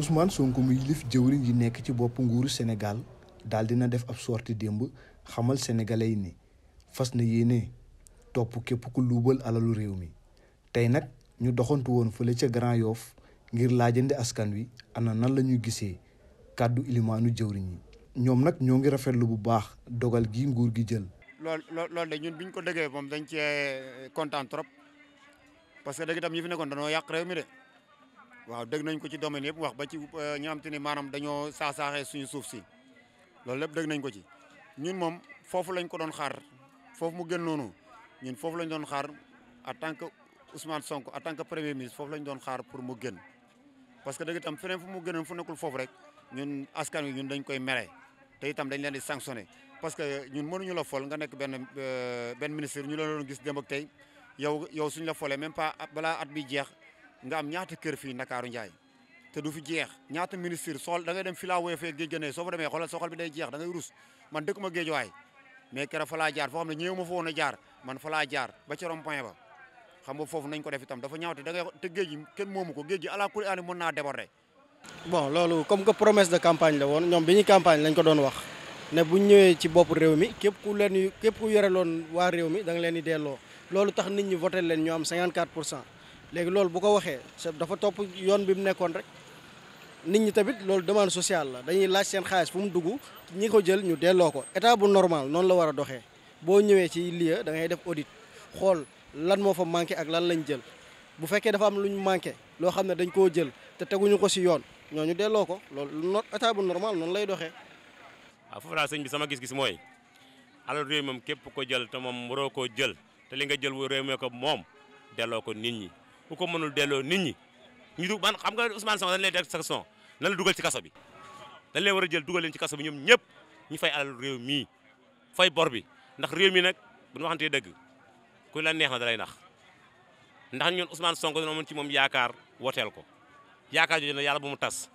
Ousmane Sonko mi yilif jëwriñ yi nek ci bop nguuru Senegal dal dina def ab sorti hamal xamal sénégalais ni fas na yene top kep ku luubal alalu réew mi tey nag ñu doxantu won fele ci Grand yof ngir lajende askan wi ana nan lañu gisé kaddu ilimanu ilimaanu yi ñom nak ñongi rafetlu bu baax dogal gi nguur gi jël. lol lol de ñun biñ ko déggé moom dañ ci trop parce que dëgg tam ñi fi nekkon dañoo yaq rew mi de. waaw dégg nañ ko ci domaine yëpp wax ba ci euh, ñi xam te ni maanaam dañoo suñu suuf si loolu lépp dégg nañ ko ci ñun moom foofu lañ ko doon xaar foofu mu gën noonu ñun foofu lañ doon xaar en tant que Ousmane Sonko en tant que premier ministre foofu lañ doon xaar pour mu gën parce que dëgg itam feneen fu mu gënoon fu nekkul foofu rek ñun askan wi ñun dañ koy mere te itam dañ leen di sanctionné parce que ñun mënuñu la fol nga nekk benn euh, benn ministre ñu la doon gis démb ak tey yow yow suñu la folee même pas balaa at bi jeex nga am ñaata kër fii Ndakaaru Njaay te du fi jeex ñaata ministre sool da ngay dem fi laa woyo fee géej gënee soo fa demee xoolal soxal bi day jeex da ngay rus man dëkk ma géej waay mais keroog fa laa jaar foo xam ne ñëw ma fa jaar man fa jaar ba ca rond xam nga foofu nañ ko def itam dafa ñaaw te da ngay te géej gi kenn moomu ko géej gi ala kulli aani mën naa déborder. bon loolu comme que promesse de campagne la woon ñoom bi ñu campagne lañ ko doon wax ne bu ñëwee ci bopp réew mi képp ku leen képp ku yore loon waa réew mi da nga leen di delloo loolu tax nit ñi voté leen ñu am pour cent léegi loolu bu ko waxee dafa topp yoon bi mu nekkoon rek nit ñi tamit loolu demand social la dañuy laaj seen xaalis fu mu dugg ñi ko jël ñu delloo ko état bu normal noonu la war a doxee boo ñëwee ci lieu da ngay def audit xool lan moo fa manqué ak lan lañ jël bu fekkee dafa am lu ñu manqué loo xam ne dañ koo jël te teguñu ko si yoon ñooñu delloo ko loolu bu normal noonu lay doxee. waaw ah, foofu daal sëñ bi sama gis-gis mooy alal réew moom képp ko jël te moom waroo koo jël te li nga jël réew mee ko moom delloo ko nit ñi. ku ko mënul delloo nit ñi ñu du man xam nga Ousmane Sonko dañ lay teg sanction lan la dugal ci kaso bi dañ leen a jël dugal ci kaso ñoom ñëpp ñu fay alal réew mii fay bor bi ndax réew mi nag bu ñu waxantee dëgg ku la neex na dalay nax ndax ñun Ousmane Sonko dina amoon ci moom yaakaar wooteel ko yaakaar jooju na yàlla bu mu tas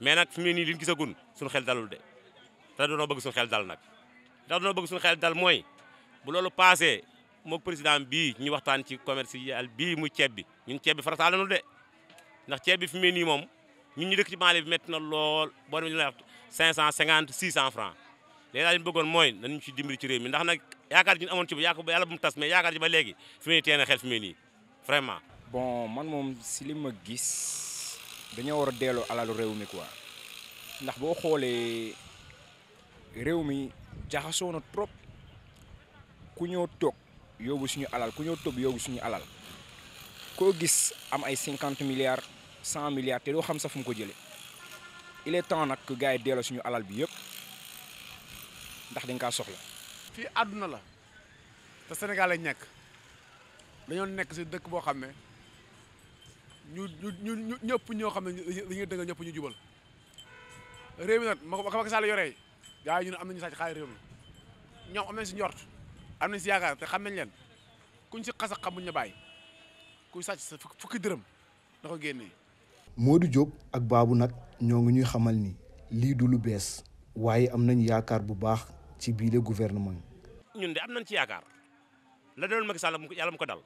mais nag fi mu nii liñ gisagun suñu xel dalul de te doonoo bëgg suñu xel dal nag ndax doonoo bëgg suñu xel dal mooy bu loolu passé mook président bii ñu waxtaan ci commercial bii mu ceeb bi ñun ceeb bi farataal nañu de ndax ceeb bi fi mu ne moom ñun ñu dëkk ci banlieue bi métti na lool boo demee ñu lay wax 550 600 francs léegi daal li ñu bëggoon mooy nañu ci dimbali ci réew mi ndax nag yaakaar ji ñu amoon ci ba yàlla bu mu tas mais yaakaar ji léegi fi mu ne teel xel fi mu vraiment. bon man moom si li ma gis dañoo war a delloo alalu réew mi quoi ndax boo xoolee réew mi jaxasoo na trop ku ñëw toog. yóbbu suñu alal ku ñëw tëb yóbbu suñu alal koo gis am ay cinquante milliards cent milliards te doo xam sa fu mu ko jëlee il est temps nag que gars yi delloo suñu alal bi yëpp ndax dañ kaa soxla. fii àdduna la te Sénégal lañ nekk dañoo nekk si dëkk boo xam ne ñu ñu ñu ñëpp ñoo xam ne dañuy dëngal ñëpp ñu jubal réew mi nag ma ko Macky Sall yoree gars yi ñu ne am nañu sàcc xaalis réew mi ñoom am nañ si njort. am nañ si yaakaar te xam nañ leen ku kuñ si xas a xam buñ la bàyyi kuy sàcc sa fukki dërëm na ko génnee. Modou Diop ak baabu nag ñoo ngi ñuy xamal ni lii du lu bees waaye am nañ yaakaar bu baax ci biile gouvernement. ñun de am na ci yaakaar la doon Macky Sall mu ko dal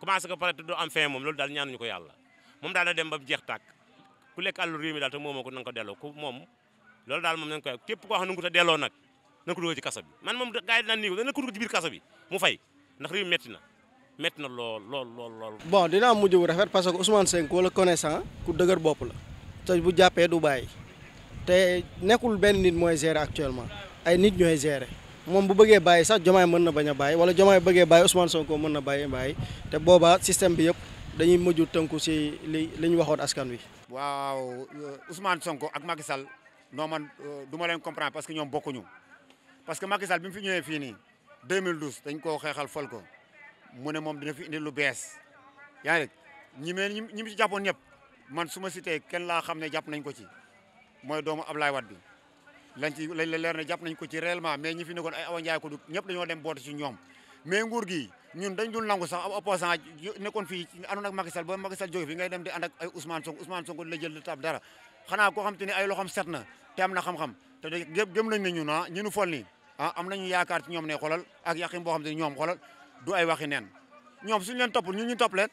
commencé ko pare te doo am fin moom loolu daal ñaanuñu ko yàlla moom daal na dem ba jeex tàkk ku lekk àllu réew mi daal te moomoo ko na nga ko delloo ku moom loolu daal moom nañ ko képp koo xam ne ko te delloo nag. na ko ci kaso bi man mom gaay dina dinaan dana ko dugal ci bir kaso bi mu fay ndax rew metti na metti na lol lol lol lol bon dina am mujj rafet parce que Ousmane senko la connaissant ku deuguer bop la te bu jappé du bàyyi te nekul ben nit moy gérer actuellement ay nit ñoy gérer mom bu bëggé bàyyi sax jomay mëna baña bañ wala jomay bëggé bàyyi Ousmane senko mëna baye bàyyi te système bi yëpp dañuy mujju tënku si liñ li askan wi. waaw Ousmane senko ak Macky Sall non man euh, duma leen comprendre parce que bokku ñu parce que Macky bi fi ñëwee fii nii 2012 dañ koo xeexal fal ko mu ne moom dina fi indi lu bees yaa ngi ñi mel ñi ñi mu ci jàppoon ñëpp man su ma cité kenn laa xam ne jàpp nañ ko ci mooy doomu Ablaye Wade bi lañ ci lañ la leer ne jàpp nañ ko ci fi nekkoon ay Awa Ndiaye ko du ñëpp dañoo dem boote ci ñoom mais nguur gi ñun dañ dul nangu sax ab opposant nekkoon fii àndoon ak Macky Sall ba Macky Sall fi ngay dem di ànd ak ay Ousmane Sonko Ousmane Sonko di la jël di tab dara xanaa koo xam te ne ay loxoom set na te na xam-xam te de gëm nañ ne ñun ah, ñu nu fol nii ah am nañu yaakaar ci ñoom ne xolal ak yaqin boo xam ne du ay waxi suñu ñun ñu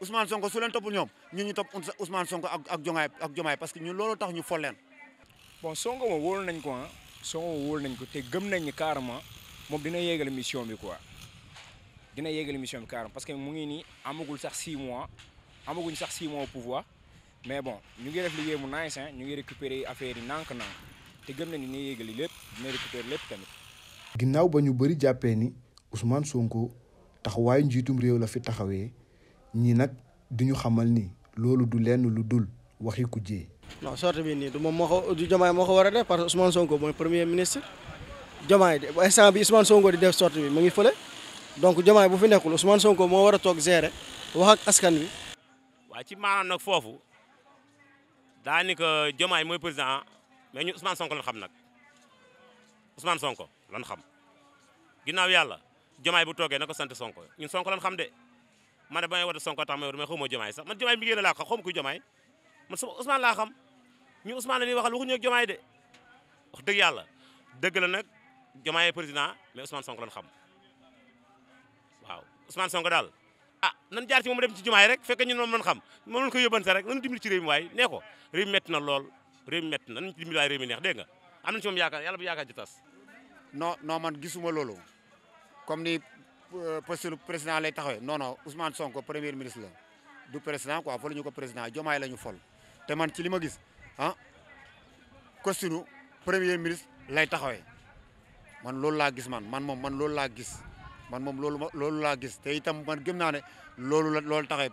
Ousmane Sonko su ñun ñu Ousmane Sonko ak ak ak parce que ñun tax ñu bon Sonko nañ ko ah. Sonko nañ ko mission bi quoi dina mission bi parce que mu ngi ni amagul mois amaguñ sax 6 mois au pouvoir mais bon ñu ngi def liggéey hein. récupérer affaire te gëm nañu ni yéegali lépp dina récupérer lépp tamit. ginnaaw ba ñu bëri jàppee ni Ousmane Sonko taxawaayu njiitum réew la fi taxawee ñi nag di ñu xamal ni loolu du lenn lu dul waxi ku jee. non sorte bi nii du moom moo ko du Diomaye moo ko war a def parce que Ousmane Sonko mooy premier ministre Diomaye instant bi Sonko di def sorte bi mu ngi fële donc Diomaye bu fi nekkul Ousmane Sonko moo war a toog gérer wax ak askan wi. waaw ci maanaam nag foofu daanaka Diomaye mooy président. mais ñu Ousmane Sonko lan xam nag Ousmane Sonko lan xam ginnaaw yàlla jomaay bu toogee na ko sant Sonko ñu Sonko lan xam de ma ne ba may woote Sonko tax may woote mais ma jomaay sax man jomaay mi ngeen laa ko xam xaw ma kuy jomaay man sama Ousmane laa xam ñu Ousmane ñuy waxal waxuñu ak jomaay de wax dëgg yàlla dëgg la nag jomaay président mais Ousmane Sonko lan xam waaw Ousmane Sonko daal ah nan jaar ci moom dem ci jumaay rek fekk ñun moom lan xam moom lañ koy yóbbante rek nan dimbali ci réew waay waaye nee ko réew na lool réew mi na nañ ci dimbali waaye réew mi neex dégg nga am nañ ci moom yaakaar yàlla bu yaakaar ci tas non man gisuma loolu comme ni euh, poste président lay taxawee non non Ousmane Sonko premier ministre la du président quoi foluñu ko président Diomaye la ñu fol te man ci li ma gis ah costume premier ministre lay taxawee man loolu laa gis man man moom man loolu laa gis man moom loolu ma loolu laa gis te itam man gëm naa ne loolu la loolu taxawee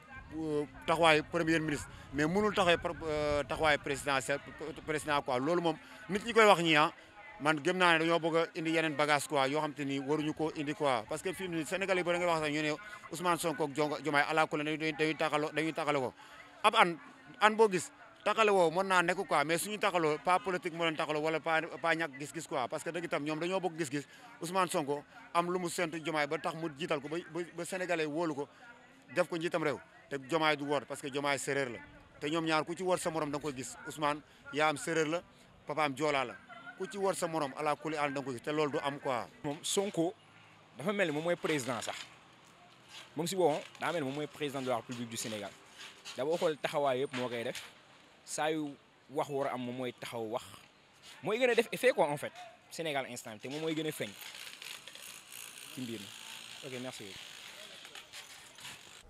taxawaay premier ministre mais mënul taxawee euh, taxawaayu présidentiel président quoi loolu moom nit ñi koy wax ñi ah man gëm naa ne ñoo bëgg indi yeneen bagage quoi yoo xam te ni waruñu koo indi quoi parce que fi mu ne Sénégal yi ba da ngay wax sax ñu ne Ousmane Sonko Jomaay alaakule dañuy dañuy taxalo taxale ko ab an an boo gis taxale woo mën naa nekk quoi mais suñu taxaloo pas politique moo leen taxaloo wala pas pas gis-gis quoi parce que dëgg itam ñoom dañoo bokk gis-gis Ousmane Sonko am lu mu sent Jomaay ba tax mu jiital ko ba ba Sénégalais wóolu ko def ko njitam rew te jomaay du wor parce que jomaay séréer la te ñom ñaar ku ci wor sa morom dang koy gis Ousmane ya am séréer la papa am joolaa la ku ci wor sa morom ala kuli àll dang koy gis te loolu du am quoi. mom Sonko dafa mel mom moy président sax moom si boppam da mel mom moy président de la République du Sénégal da boo xool taxawaay mo kay def saa yu wax wor am mom moy taxaw wax moy gëna def effet quoi en fait Sénégal instant te mom moy gëna feñ feeñ ci mbir ok merci beaucoup.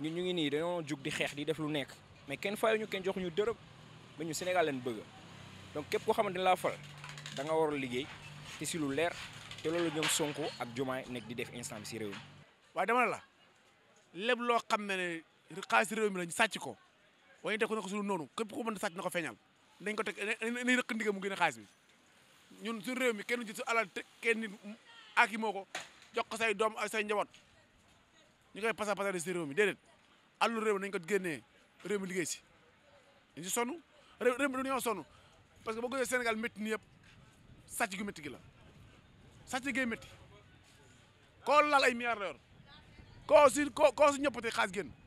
ñun ñu ngi nii dañoo jug di xeex di def lu nekk mais kenn fayuñu kenn ñu dërëm ba ñu Sénégal leen bëgg donc képp koo xamante ne laa fal danga nga war a liggéey te si lu leer te loolu ñoom Sonko ak Diomaye nekk di def instant bi si réew mi. waaye dama la lépp loo xam ne ne xaalis réew mi lañ sàcc ko waaye def ko ne ko noonu képp ko mën sàcc na ko feeñal dañ ko teg dañ rëq ndigam mu gën a xaas bi ñun suñu réew mi kenn ci su alal kenn nit ak yi moo ko jox ko say doom ak say ñu koy pasa pasa si réew mi déedéet àllu réew mi nañu ko génnee réew mi liggéey si dañ si sonn réew réew parce que boo gisee Sénégal métti ni yëpp sàcc gu métti gi la sàcc gee koo laal ay milliards la yor koo si koo koo si